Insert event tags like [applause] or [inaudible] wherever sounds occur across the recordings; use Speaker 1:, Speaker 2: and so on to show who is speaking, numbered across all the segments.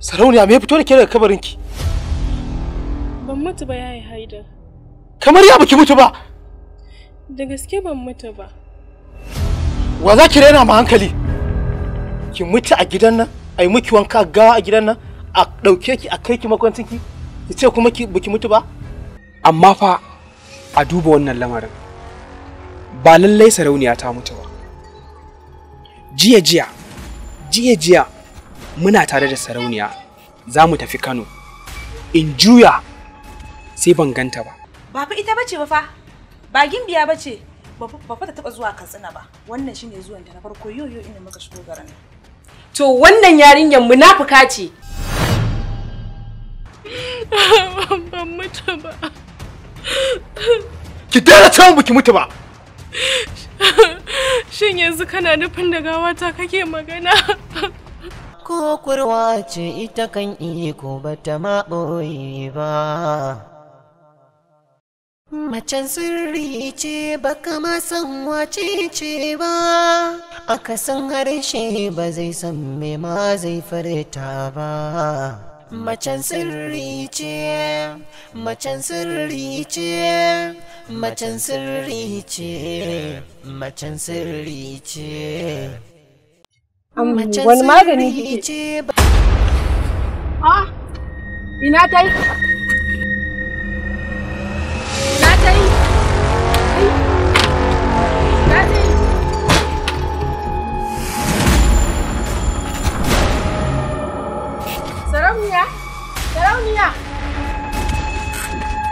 Speaker 1: Sarauniya me fito da ke daga kabarinki?
Speaker 2: Ban mutu ba yayi haida.
Speaker 1: Kamar ya baki mutu ba.
Speaker 2: Da gaske ban mutu ba.
Speaker 1: Wa za ki ma hankali? Ki mutu a gidan nan, ai miki wanka
Speaker 3: gawa a gidan nan, a ɗauke ki a kai ki makwancin ki, ki ce kuma ki baki mutu ba? Amma fa a duba wannan lamarin. Ba lallai sarauniya ta mutu ba. Jiya jiya, jiya jiya muna tare da sarauniya za mu tafi kano in juya sai ban ganta ba
Speaker 4: ba fa ita bace ba fa ba gimbiya bace ba fa ta taba zuwa katsina ba wannan shine zuwan ta na farko yoyo inda muka shigo garin
Speaker 2: to wannan yarinyar munafuka ce ban mutu ba
Speaker 3: ki daina cewa ki mutu ba
Speaker 2: shin yanzu kana nufin da gawata kake magana
Speaker 5: ko kurwa ce ita kan iko ba ta maɓoyi ba. Macen sirri ce ba ma san wace ce ba, aka san harshe ba zai san me ma zai farta ba. Macen sirri ce, macen sirri ce, macen sirri ce, macen sirri ce.
Speaker 2: Mm, wani magani
Speaker 5: kike
Speaker 1: ah,
Speaker 2: ina tai ina tai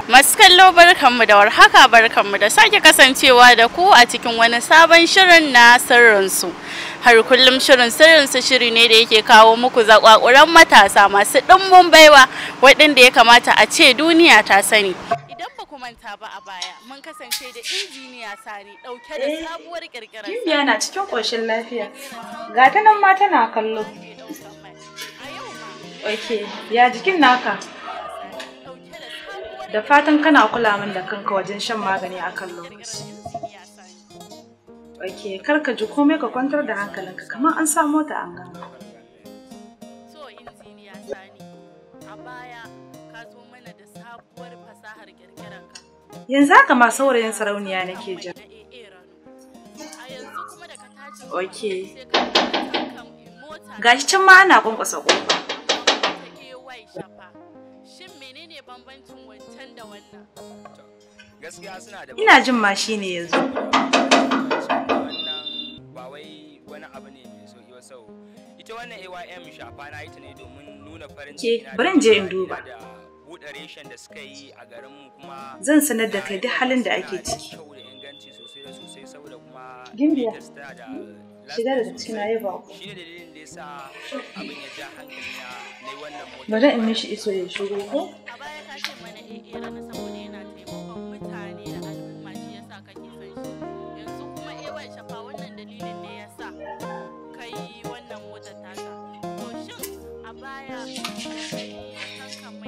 Speaker 2: Masu kallo barkanmu da warhaka barkanmu da sake kasancewa da ku a cikin wani sabon shirin na sirrinsu. Har kullum shirin sirrinsu shiri ne da yake kawo muku zakwakuran matasa masu ɗimbin baiwa waɗanda ya kamata a ce duniya ta sani. Idan ba ku manta ba a baya mun kasance da injiniya sani ɗauke da eh, sabuwar ƙirƙirar. Injiniya
Speaker 4: na cikin ƙoshin lafiya. Ga ta nan ma tana kallo. Ok, ya jikin naka. Da fatan kana kula min da kanka wajen shan magani a kan lokaci. Ok, kar ka ji komai ka kwantar da hankalinka kamar an sa mota an gama. Yanzu haka ma saurayin sarauniya nake jira. Ok. Gashi can ma ana kwankwasa kofa.
Speaker 3: menene bambancin wancan da wannan gaskiya suna da
Speaker 4: ina jin ma shi ne yanzu
Speaker 3: ba wai wani abu ne mai sauki ba sau ita wannan AYM shafa na ita ne domin
Speaker 6: nuna farin ciki na bari je in duba buɗe reshen da suka
Speaker 4: yi a garin mu kuma zan sanar da kai duk halin da ake ciki Gimbiya, shiga daga cikin ayyuka. Shi ne sa abin ya ja hankali na na wannan mota bari in mishi iso ya shigo ko a baya ka ce mana eh rana saboda yana taimakon mutane da
Speaker 2: al'umma shi yasa kake son shi yanzu kuma eh wai shafa wannan dalilin ne yasa kai wannan mota ta ka to shin a baya kan mai
Speaker 3: da eh ka samu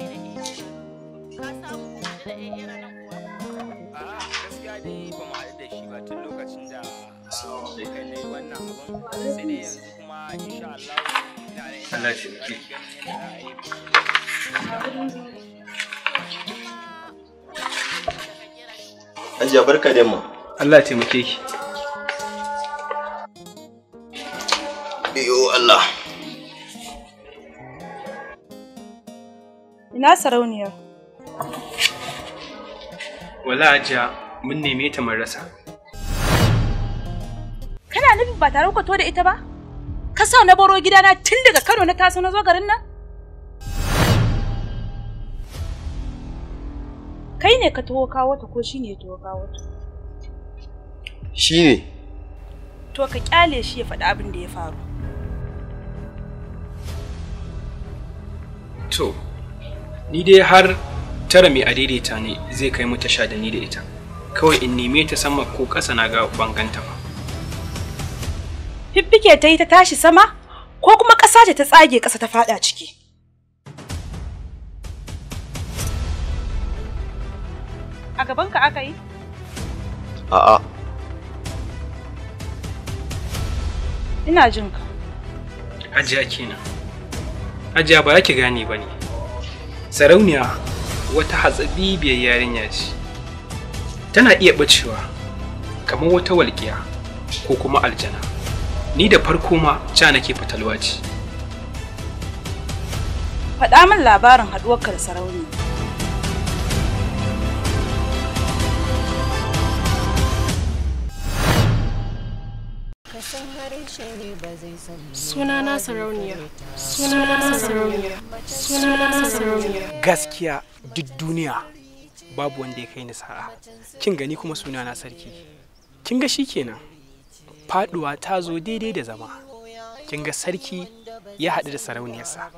Speaker 3: kuma da eh rana kuwa a gaskiya dai ba mu haɗu da shi ba tun lokacin da sai ah, kai ne wannan abin sai dai yanzu
Speaker 5: Allah shi muke.
Speaker 6: barka da mu.
Speaker 3: Allah taimake
Speaker 6: ki. Biyo Allah.
Speaker 4: Ina sarauniya?
Speaker 3: Wala ajiya mun neme ta mun rasa.
Speaker 4: Kana nufin ba tare ku to da ita ba? ka sa na baro gidana tun daga Kano na taso na zo garin nan? Kai ne ka taho kawo ta ko shi ne ya taho kawo ta? Shi ne. To ka kyale shi ya faɗi abin da ya faru.
Speaker 3: To, ni dai har tara mai adaidaita ne zai kai mu sha da ni da ita. Kawai in neme ta sama ko ƙasa na ga banganta ba.
Speaker 4: fiffike ta yi ta tashi sama ko kuma ƙasa ce ta tsage ƙasa ta faɗa ciki. A gabanka aka yi? A'a. Ina jin ka.
Speaker 3: Hajiya kenan. Hajiya ba ki gane ba ne. Sarauniya wata biyar yarinya ce. Tana iya bacewa kamar wata walƙiya ko kuma aljana. ni da farko ma ca nake fatalwa ce
Speaker 4: faɗa min labarin haɗuwar sarauni
Speaker 5: sunana sarauniya sunana sarauniya sunana sarauniya
Speaker 3: gaskiya duk duniya babu wanda ya kai ni sa'a kin gani kuma sunana sarki kin ga shi kenan? faduwa ta zo daidai da zama kin ga sarki ya haɗu da sarauniyarsa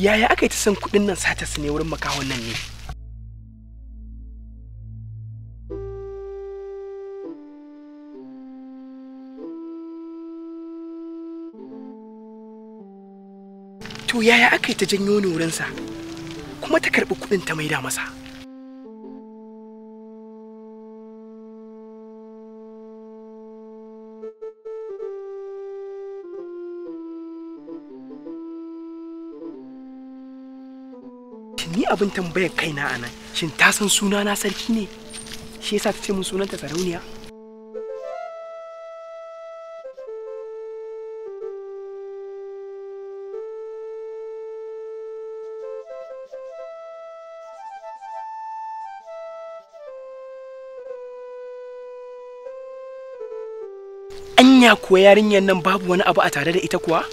Speaker 3: yaya aka yi ta san kuɗin nan sata su ne wurin makahon nan ne yaya aka yi ta janyo ni wurinsa kuma ta karɓi kuɗin ta maida masa. Ni abin tambayar kaina a nan, shin ta san sunana sarki ne? Shi yasa ta ce min sunanta sarauniya? kuwa koya yarinyar nan babu wani abu a tare da ita kuwa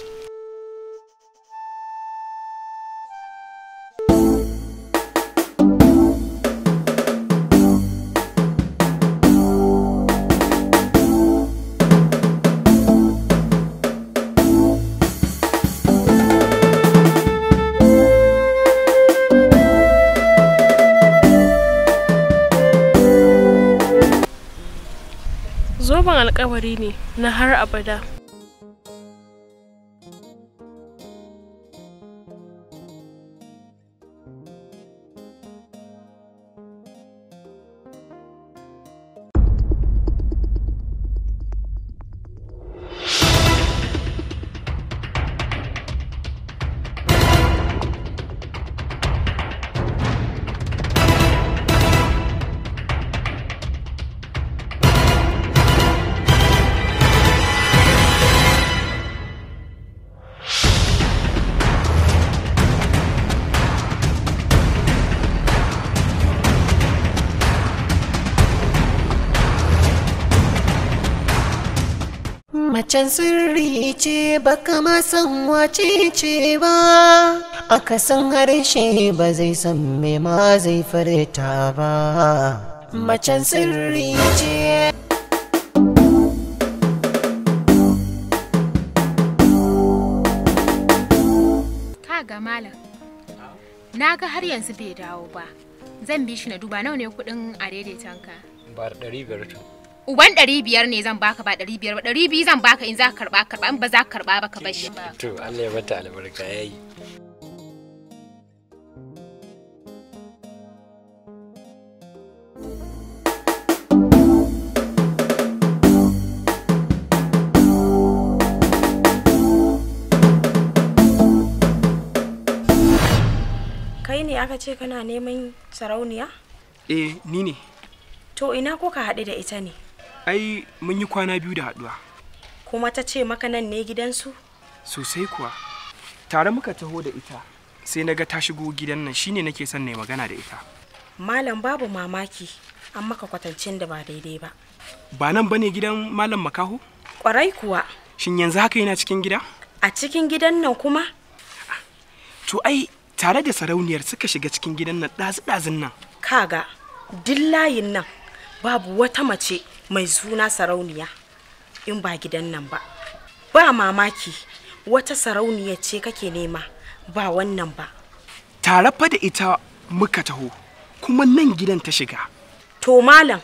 Speaker 2: na har abada
Speaker 5: can sirri ce baka ma san wace ce ba aka san harshe ba zai san me ma zai farta ba macen sirri ce
Speaker 4: ga malam na ga har yanzu bai dawo ba zan bi shi na duba nawa ne kudin a daidaitanka
Speaker 3: ba da 500
Speaker 4: uban ɗari biyar ne zan baka ba ɗari biyar ba ɗari biyu zan baka in za ka karɓa karɓa in ba za ka karɓa ba ka bashi.
Speaker 3: to Allah ya bata albarka ya yi.
Speaker 4: kai ne aka ce kana neman sarauniya?
Speaker 3: eh ni ne
Speaker 4: to ina ko ka haɗu da ita ne
Speaker 3: ai mun yi kwana biyu da haduwa
Speaker 4: kuma ta ce maka nan ne gidansu
Speaker 3: sosai kuwa tare muka taho da ita sai na ga ta shigo gidan nan shine nake son na magana da ita
Speaker 4: malam babu mamaki an maka kwatancin da ba daidai ba
Speaker 3: ba nan bane gidan malam makaho kwarai kuwa shin yanzu haka yana cikin gida a cikin gidan nan kuma to ai tare da sarauniyar suka shiga cikin gidan nan ɗazu-ɗazun nan kaga duk layin nan babu wata mace mai suna sarauniya
Speaker 4: in ba gidan nan ba ba mamaki wata sarauniya ce kake nema
Speaker 3: ba wannan ba tare fa da ita muka taho kuma nan gidan ta shiga
Speaker 4: to malam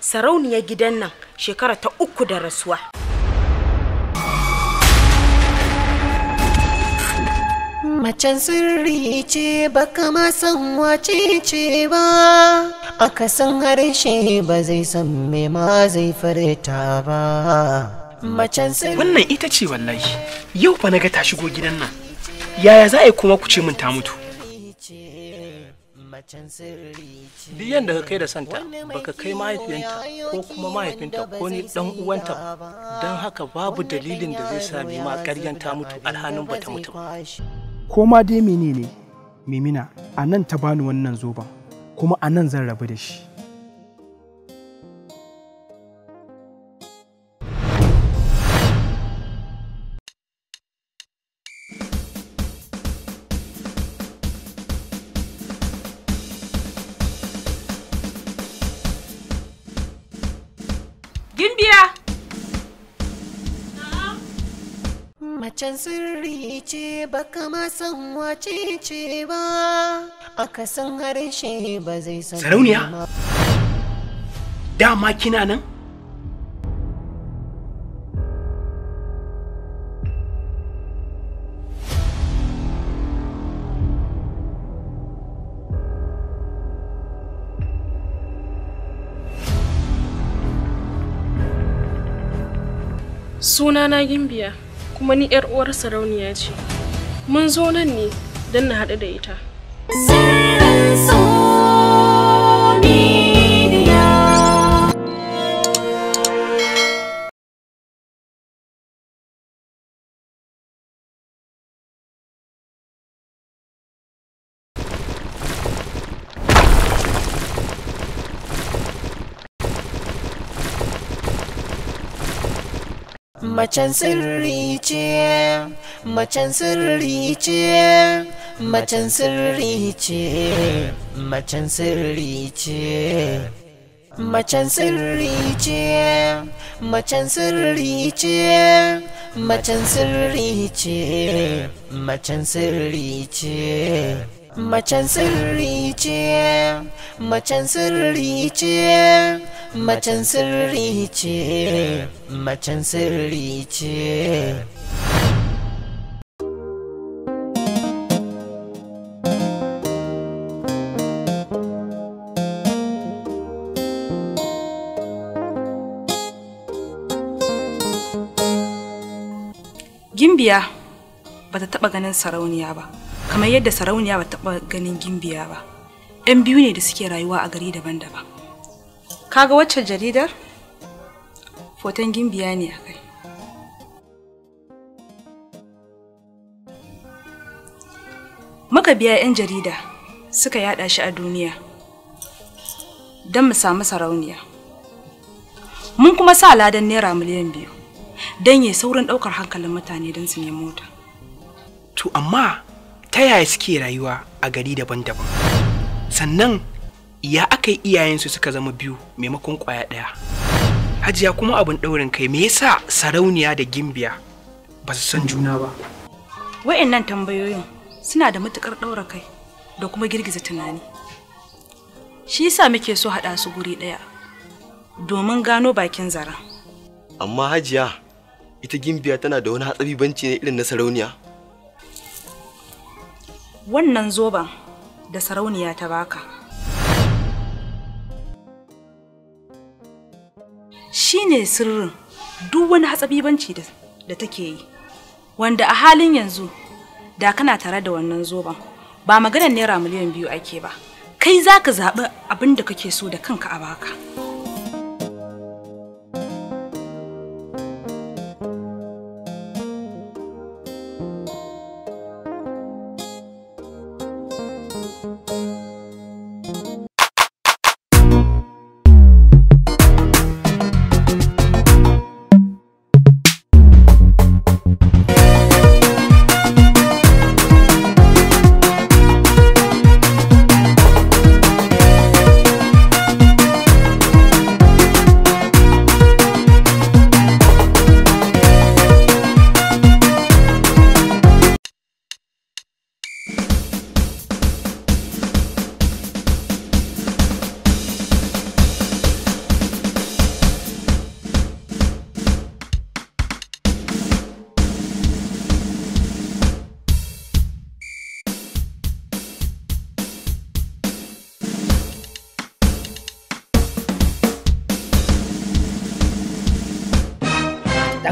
Speaker 4: Sarauniya gidan nan shekara ta uku da rasuwa
Speaker 5: Macen sirri ce baka ma san wace ce ba, aka san harshe ba zai san me ma zai farta ba.
Speaker 3: Macen sirri. Wannan ita ce wallahi, yau fa na ga ta shigo gidan nan. Yaya za a yi kuma ku ce min ta mutu?
Speaker 1: Duk yadda ka kai da santa baka kai mahaifinta ko kuma mahaifinta ko ni dan uwanta don haka babu dalilin da zai sa ma karyanta ta mutu alhanin bata mutu ba.
Speaker 3: ko ma dai menene mimina a nan ta bani wannan zoben kuma a nan zan rabu da shi
Speaker 5: can sirri ce ba ma san wace ce ba aka san harshe ba zai san sarauniya
Speaker 3: dama kina nan
Speaker 2: Sunana Gimbiya. kuma ni yar uwar sarauniya ce mun zo nan ne don na haɗu da ita.
Speaker 5: so macen sirri ce macen sirri ce macen sirri ce macen sirri ce macen sirri ce macen sirri ce macen sirri ce macen sirri ce macen sirri ce macen sirri ce macen sirri ce macen sirri ce
Speaker 4: Gimbiya ba ta taɓa ganin sarauniya ba, kamar yadda sarauniya ba ta taɓa ganin gimbiya ba. ‘Yan biyu ne da suke rayuwa a gari daban-daban. kaga wacce jaridar foton gimbiya ne a kai muka biya 'yan jarida suka yada shi a duniya don mu samu sarauniya mun kuma sa ladan naira miliyan biyu don ya saurin daukar hankalin mutane don su nemi mota
Speaker 3: to amma ta yaya suke rayuwa a gari daban-daban sannan ya aka yi iyayensu suka zama biyu maimakon kwaya ɗaya hajiya kuma abin ɗaurin kai me yasa sarauniya da gimbiya ba su san juna ba
Speaker 4: wa'annan tambayoyin suna da matukar ɗaura kai da kuma girgiza tunani shi yasa muke so haɗa su guri ɗaya domin gano bakin zara
Speaker 6: amma hajiya ita gimbiya tana da wani hatsari banci ne irin na sarauniya
Speaker 4: wannan zoban da sarauniya ta baka shine sirrin duk wani hatsabibanci da take yi wanda a halin yanzu da kana tare da wannan zoben ba maganar naira miliyan biyu ake ba kai za ka zaɓi abin da kake so da kanka a baka.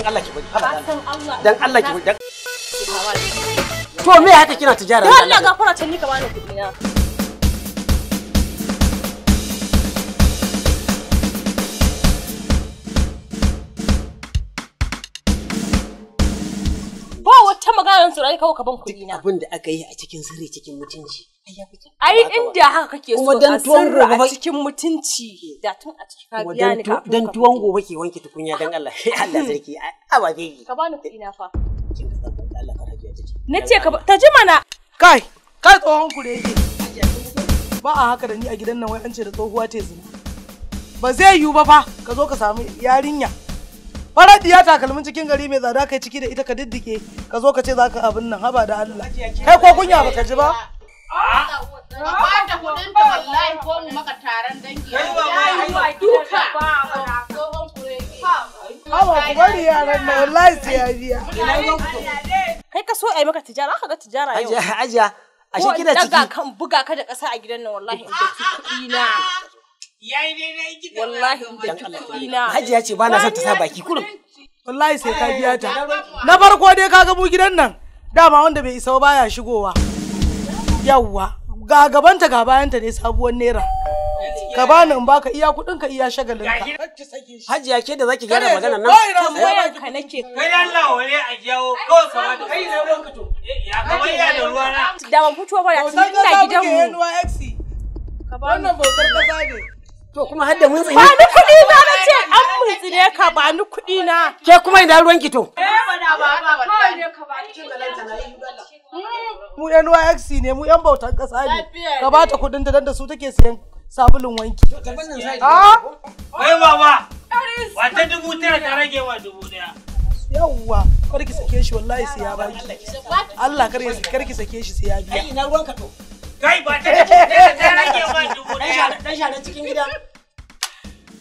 Speaker 1: Allah ki bari Allah dan Allah ki bari to me ya haka kina tijara dan Allah
Speaker 4: gafara ce ni ka bani kudi na
Speaker 1: mansur ai kawo ka ban kuɗi na abin da aka yi a cikin sirri cikin mutunci
Speaker 2: ai inda haka kake
Speaker 4: so a sirri a
Speaker 1: cikin mutunci
Speaker 2: da tun a cikin ka
Speaker 4: biya ni kafin dan
Speaker 1: tuwon gobe ke wanke tukunya dan Allah [laughs] Allah sarki a ba yi.
Speaker 4: ka bani kuɗi na fa Na
Speaker 1: ce nace ka ta ji mana kai kai tsohon kure ba a haka da ni a gidan nan wai an ce da tsohuwa te zina ba zai yiwu ba fa ka zo ka samu yarinya farar diya takalmin cikin gari mai tsada kai ciki da ita ka diddike ka zo ka ce za ka abin nan haba da Allah kai ko kunya baka ji ba ka
Speaker 2: bata kudin ta wallahi ko kai ka so ai maka tijara aka ga tijara
Speaker 4: yau ajiya ajiya
Speaker 1: ashe kina ciki
Speaker 4: kan buga ka da kasa a gidan nan wallahi
Speaker 1: yayi daidai kika wallahi dan Allah hajiya ce ba na son ta sa baki kurum wallahi sai ka biya ta na farko dai kaga mu gidan nan dama wanda bai isa ya shigowa yawwa ga gabanta ga bayanta ne sabuwar naira ka bani in ka iya kudin ka iya shagalin ka hajiya ke da zaki gyara magana nan tambayan ka nake kai Allah wale a jawo kawai sama da kai ne ruwan fito eh, ya kamar ya da ruwa na da ban fito ba ya tun ina gidan mu wannan bautar kasa ne To kuma har da mun tsini. Ba ni kuɗi na na ce an mun tsine ka ba ni kuɗi na. Ke kuma ina ruwan ki to. Mu yan YX ne mu yan bautan ƙasa ne. Ka ba ta kuɗin da dan da su take sayan sabulun wanki. Ah? Wai baba. Wata dubu tara ta rage wa dubu ɗaya. yawwa kar ki sake shi wallahi sai ya ki. Allah kar kar ki sake shi sai ya biya kai ina ka to kai ba ta ta rage ma dubu ɗaya dan share cikin gida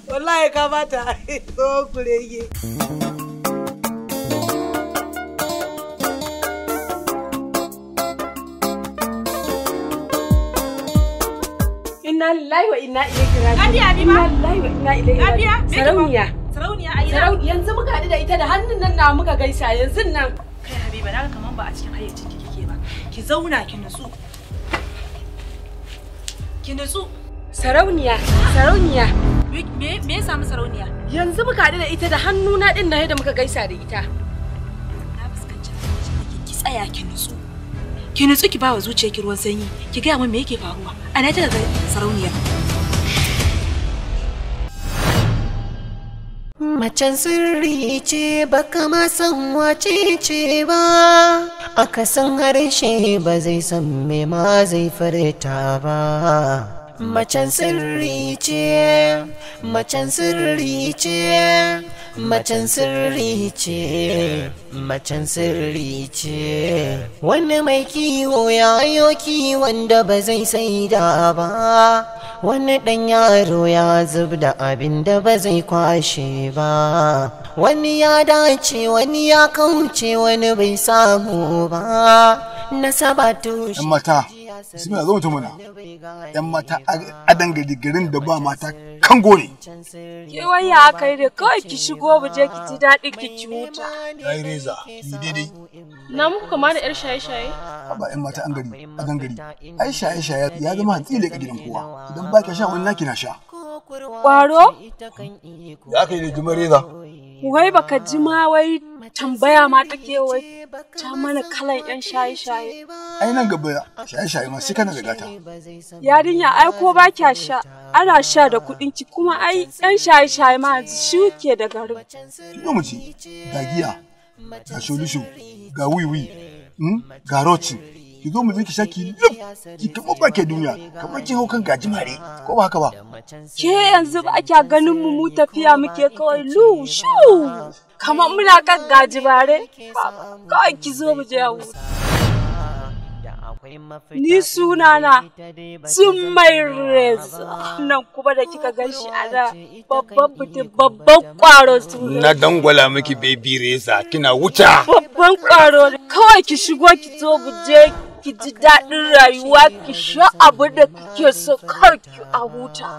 Speaker 1: wallahi ka bata tsohon kurege
Speaker 2: inna lillahi wa inna ilaihi raji'un adiya ni ma inna lillahi wa inna ilaihi adiya sarauniya sarauniya a ina yanzu muka haɗu da ita da hannun nan na muka gaisa yanzu nan kai habiba na kaman ba a cikin hayyacin ki kike ba ki zauna ki nutsu ki nutsu sarauniya sarauniya
Speaker 4: me ya samu sarauniya
Speaker 2: yanzu muka haɗu da ita da hannuna din na da muka
Speaker 4: gaisa da ita na fuskanci ki tsaya ki nutsu ki nutsu ki bawa ki ruwan sanyi ki gaya min me yake faruwa ana ta da sarauniya
Speaker 5: Macen sirri ce ba ma san wace ce ba, aka san harshe ba zai san me ma zai fareta ba. macen sirri ce macen sirri ce macen sirri ce macen sirri ce wani mai kiwo ya yo kiwon da ba zai saida ba wani ɗan yaro ya zub da abin da ba zai kwashe ba wani ya dace wani ya kauce wani bai samu ba na saba shi.
Speaker 3: bismillah zo mutum mana yan mata adan gari garin da ba mata kan ne
Speaker 2: ke waya aka yi da kawai ki shigo mu je ki ji daɗi ki ci wuta
Speaker 3: ai reza ni daidai
Speaker 2: na muku kama da yar shaye-shaye
Speaker 3: ba yan mata an gari adan gari ai shaye-shaye ya zama hantsi da gidan kowa idan ba ka sha wani naki na sha kwaro ya kai da jimare reza
Speaker 2: wai baka ji ma wai tambaya ma take wai ta mana kalan yan shaye shaye
Speaker 3: ai nan gaba shaye shaye ma sai kana riga ta
Speaker 2: yarinya ai ko ba kya sha ana sha da kuɗin ki kuma ai yan shaye shaye ma shi ke da garin ki
Speaker 3: mu ci ga giya ga sholisho ga wiwi hmm, ga rocin ki zo mu je ki shaki lif ki kamo ba ke duniya kamar ki hau kan gaji mare ko ba haka ba
Speaker 2: ke yanzu ba ake ganin mu mu tafiya muke kawai lu shu kamar muna kan gaji bare kawai ki zo mu je huta Ni sunana sun mai reza nan kuma da kika gan shi a da babban mutum babban kwaro suna. Na
Speaker 3: dangwala miki baby reza kina wuta.
Speaker 2: Babban kwaro kawai ki shigo ki zo buje ki
Speaker 5: ji daɗin rayuwa ki sha abu da kike so kar ki a huta.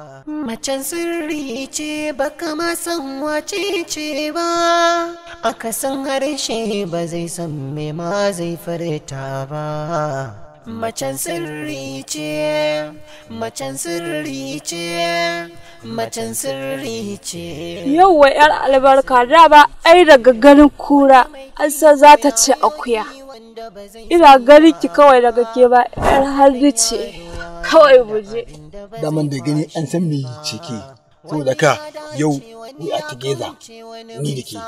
Speaker 5: Macen sirri ce baka ma san wace ce ba, aka san harshe ba zai san me ma zai farta ba. Macen sirri ce, macen sirri ce, macen sirri ce.
Speaker 2: Yau wa 'yar albarka da ba ai daga ganin kura, an san za ta ce akuya. ina ganin ki kawai daga ke ba yar hannu ce kawai buje
Speaker 3: daman da gani an san me ce ke ko da ka yau we are together ni da ke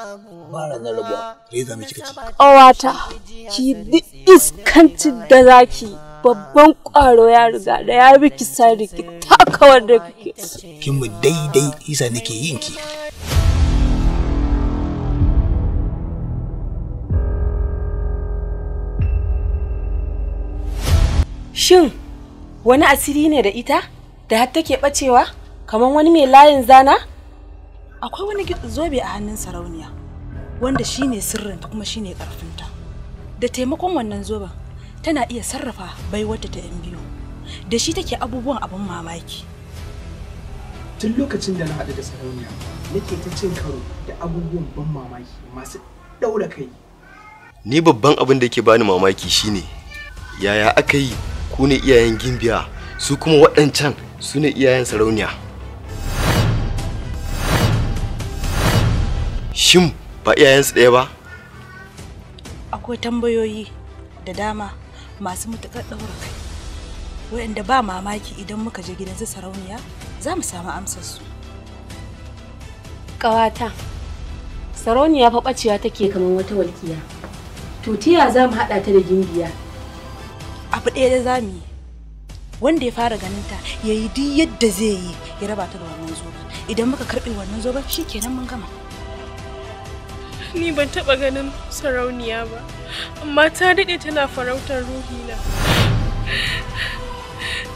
Speaker 3: ba ranar rabuwa reza mai kika ce
Speaker 2: Kawata ki di iskancin da zaki babban ƙwaro ya riga da ya bi ki sari ki takawar da kike
Speaker 3: kin mu daidai isa nake yin ki
Speaker 2: Shin wani asiri ne da ita da har take bacewa kamar wani mai layin zana? Akwai wani zobe a hannun sarauniya
Speaker 4: wanda shine sirrinta kuma shine ƙarfinta, Da taimakon wannan zoben tana iya sarrafa baiwarta ta 'yan biyu. Da shi take abubuwan abin mamaki.
Speaker 3: Tun lokacin da na haɗu da sarauniya nake ta cin karo da abubuwan ban mamaki masu ɗaura kai.
Speaker 6: Ni babban abin da ke bani mamaki shine yaya aka yi ku iyayen gimbiya su kuma waɗancan su ne iyayen sarauniya shin ba iyayensu ɗaya ba
Speaker 4: akwai tambayoyi da dama masu matuƙar ɗaura kai waɗanda ba mamaki idan muka je gidan su sarauniya za mu samu
Speaker 2: amsarsu ƙawata sarauniya fa ɓaciya take kamar wata walƙiya tutiya za mu haɗa ta da gimbiya
Speaker 4: abu ɗaya da zamu yi wanda ya fara ganin ta ya yi duk yadda zai yi ya raba
Speaker 2: ta da wannan zoben idan muka karɓe wannan zoben shikenan mun gama ni ban taɓa ganin sarauniya ba amma ta daɗe tana farautar ruhina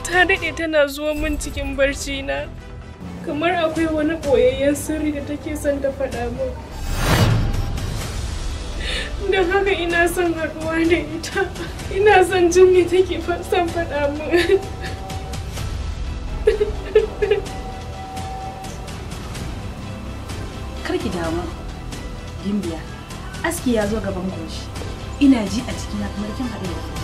Speaker 2: ta daɗe tana zuwa min cikin na kamar akwai wani ɓoyayyen sirri da take son ta faɗa min don haka ina son haɗuwa da ita ina son jin me take son faɗa min karki damu
Speaker 3: gimbiya
Speaker 4: aski ya zo gaban goshi ina ji a cikina kamar kin haɗu da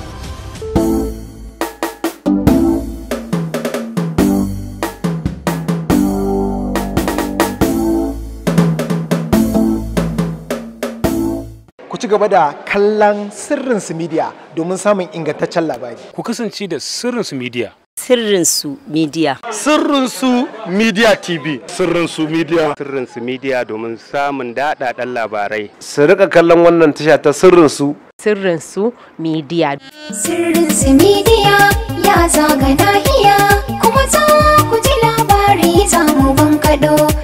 Speaker 3: ku ci gaba da kallon sirrin su media domin samun ingantaccen labari. Ku kasance da sirrin su media. Sirrin su media. Sirrin su media TV. Sirrin su media. Sirrin su media domin samun daɗaɗɗen labarai.
Speaker 6: Su rika kallon wannan tasha ta sirrin su. Sirrin
Speaker 4: su media.
Speaker 5: Sirrin su media ya zaga nahiya kuma za ku ji labari za mu bankaɗo.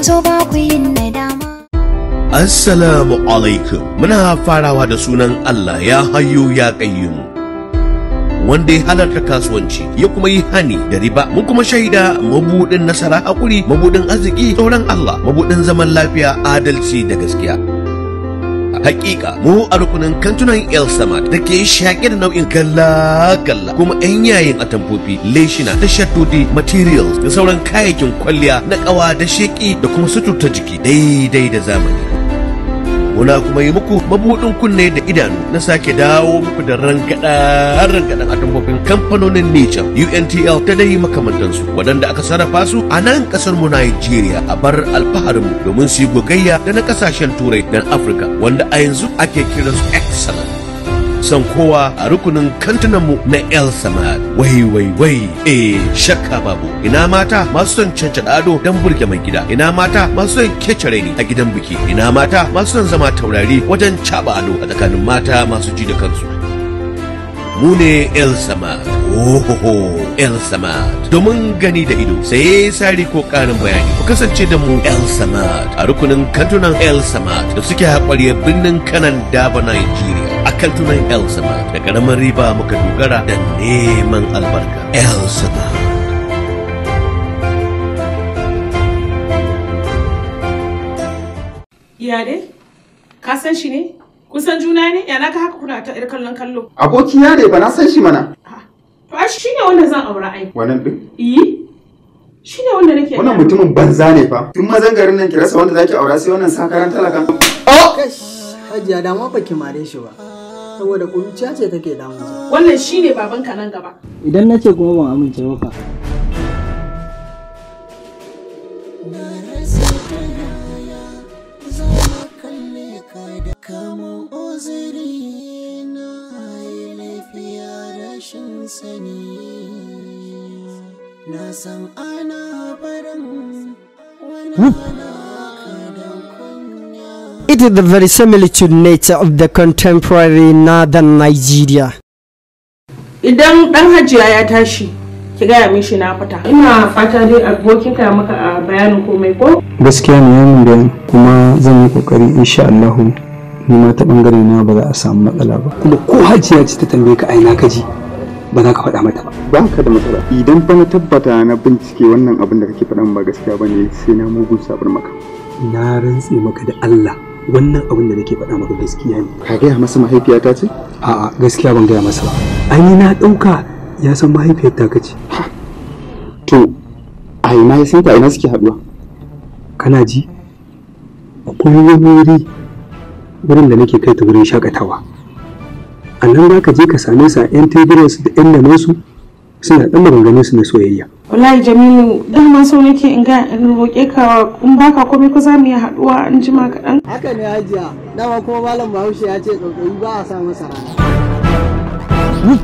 Speaker 5: zo ba ku yin nadama
Speaker 6: Assalamu alaikum muna farawa da sunan Allah ya hayyu ya qayyum wanda ya halarta kasuwanci ya kuma yi hani da riba mun kuma shaida mabudin nasara hakuri mabudin arziki sauran Allah mabudin zaman lafiya adalci da gaskiya Hakika mu a rukunin kantunan El Samad da ke shaƙe da nau'in kalla-kalla kuma 'yan yayin atamfofi leshina da shattodi materials da sauran kayayyakin kwalliya na ƙawa da sheƙi da kuma sutur jiki daidai da zamani. muna kuma yi muku mabudin kunne da idanu na sake dawo muku da rangada rangadan adambobin kamfanonin Nijar UNTL ta dai makamantansu waɗanda aka sarrafa su a nan ƙasar mu Najeriya a bar alfaharinmu domin su gogayya da na ƙasashen Turai dan Afirka wanda a yanzu ake kiransu excellent San kowa a rukunin kantunanmu na El Samad. Wai wai wai eh shakka babu. Ina mata masu son cancan ado don burge mai gida. Ina mata masu son kece raini a gidan biki. Ina mata masu son zama taurari wajen caba ado a tsakanin mata masu ji da kansu. Mu El Samad. Ohoho El Samad. Domin gani da ido sai sari ko ƙarin bayani ku kasance da mu El Samad a rukunin kantunan El Samad da suke haƙwariyar birnin kanan Daba Nigeria. a kantunan El Samad da karamin riba muka dogara da neman albarka. El Samad.
Speaker 1: Iya ka san shi ne? Kusan juna ne? Yana ka haka kuna ta ƴar kallon kallo.
Speaker 3: Aboki ya ba na san shi mana. Ah,
Speaker 1: to a shi ne wanda zan aura ai.
Speaker 3: Wannan ɗin? Iyi.
Speaker 1: Shi ne wanda nake. Wannan mutumin
Speaker 3: banza ne fa. Duk mazan garin nan ki rasa wanda zaki aura sai wannan sakaran talaka.
Speaker 1: Oh! Hajiya da ma baki mare shi ba. saboda kuruciya ce take sa. wannan shine babanka nan gaba
Speaker 3: idan na ce kuma ban amince ba fa
Speaker 5: na san ana barin
Speaker 3: wani It is the very similitude nature of the contemporary northern Nigeria. Idan ɗan hajiya
Speaker 1: ya tashi, ki gaya mishi na fita. Ina fata dai abokin ka maka a ah, bayanin komai
Speaker 3: ko?
Speaker 5: Gaskiya ne ya min bayan kuma zan yi kokari insha Allah ni ma ta
Speaker 3: bangare na ba za a samu matsala ba. Kuma ko hajiya ce ta tambaye ka aina ka ji ba za ka faɗa mata ba. Ba ka da matsala. Idan ba na tabbata na bincike wannan abin da kake faɗan ba gaskiya ba ne sai na mugun sabar maka. Na rantse maka da Allah wannan abin da nake faɗa maka gaskiya ne ka gaya masa mahaifiyata ce a'a gaskiya ban gaya masa ba ni na ɗauka ya san mahaifiyar ta kace to a ina ya san ta ina suke haɗuwa kana ji akwai wani wuri wurin da nake kai ta wurin shakatawa a nan za ka je ka same su a 'yan teburansu da 'yan su suna ɗan maganganun su na soyayya
Speaker 1: wallahi jamilu daman so nake in ga in roƙe
Speaker 3: ka in baka komai ko za mu yi haɗuwa an ma kaɗan
Speaker 1: haka ne hajiya
Speaker 5: dama kuma malam bahaushe
Speaker 1: ya ce tsautsayi ba a sa masa rana hmm.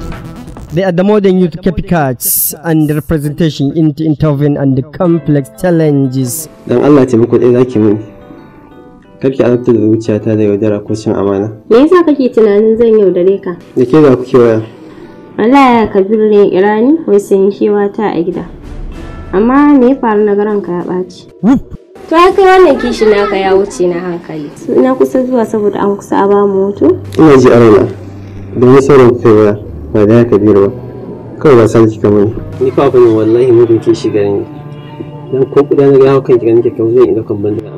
Speaker 3: They are the modern youth capicats and the representation in the intervene and the complex challenges.
Speaker 5: Dan Allah muku ɗaya zaki mini. Karki azabta da zuciyata da yaudara ko cin amana.
Speaker 3: Me yasa kake tunanin zan yaudare ka?
Speaker 5: Da ke za ku kewaya.
Speaker 3: Wallahi Kabir ne Irani wai sayin shewa ta a gida. Amma me ya faru na garan ka ya ɓaci? To ya kai wannan kishi naka ya wuce na hankali. Na kusa zuwa saboda an kusa a ba
Speaker 5: mu hutu? Ina ji a raina. Domin sauran kai ba ba da Kabiru ba. Kawai ba san ki kamar ni. fa ba ne wallahi mugun kishi gare ni. Dan ko gudanar ga hakan ki ganin ki kawai zan iya kan bandana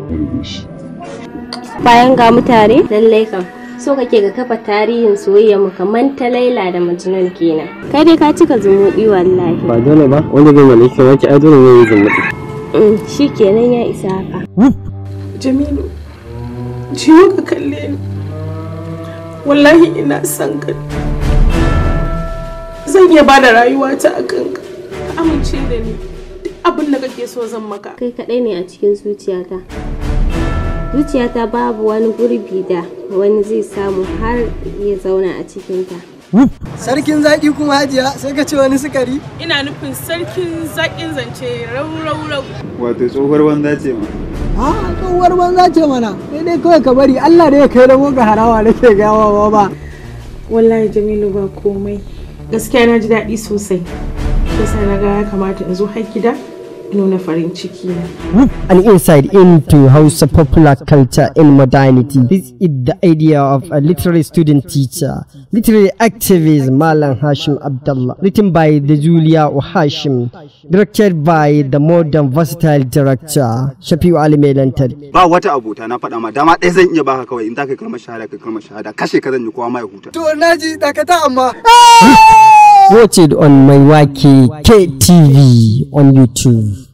Speaker 3: Bayan ga mutane lallai kam. so kake ga kafa tarihin soyayyar mu kamar ta Laila da Majnun kenan kai dai ka cika zumuɗi wallahi
Speaker 5: ba dole ba wanda zai mallaki waki ai dole ne ya zumuɗi
Speaker 3: mm, shi kenan ya isa haka Jamilu jiyo ka kalle ni
Speaker 1: wallahi ina son ka zan iya bada
Speaker 3: rayuwata a ka amince da ni duk abin da kake so zan maka kai kadai ne a cikin zuciyata zuciyata babu wani gurbi da wani zai samu har ya zauna a cikinta sarkin zaƙi kuma hajiya sai ka ce wani sukari
Speaker 2: ina nufin sarkin zaƙin zance rauraurau.
Speaker 3: wato tsohuwar banza ce ma ha tsohuwar banza ce mana sai dai kawai ka bari allah da ya kai ramo ga harawa ke gawa ba
Speaker 1: wallahi jamilu ba komai gaskiya na ji daɗi sosai yasa na ga ya kamata in zo har gida nuna farin ciki
Speaker 3: an insight into Hausa popular culture and modernity, this is the idea of a literary student teacher, literary activist Malam Hashim Abdullah, written by the Julia O. Hashim, directed by the modern versatile director Shafiu Ali mai Ba wata abota na faɗa ma dama ɗaya zan iya baka kawai in za ka kalmar shahada ka kalmar shahada kashe ka zan yi kowa mai huta. To na ji dakata
Speaker 5: amma. watch it on Maiwaki KTV on YouTube.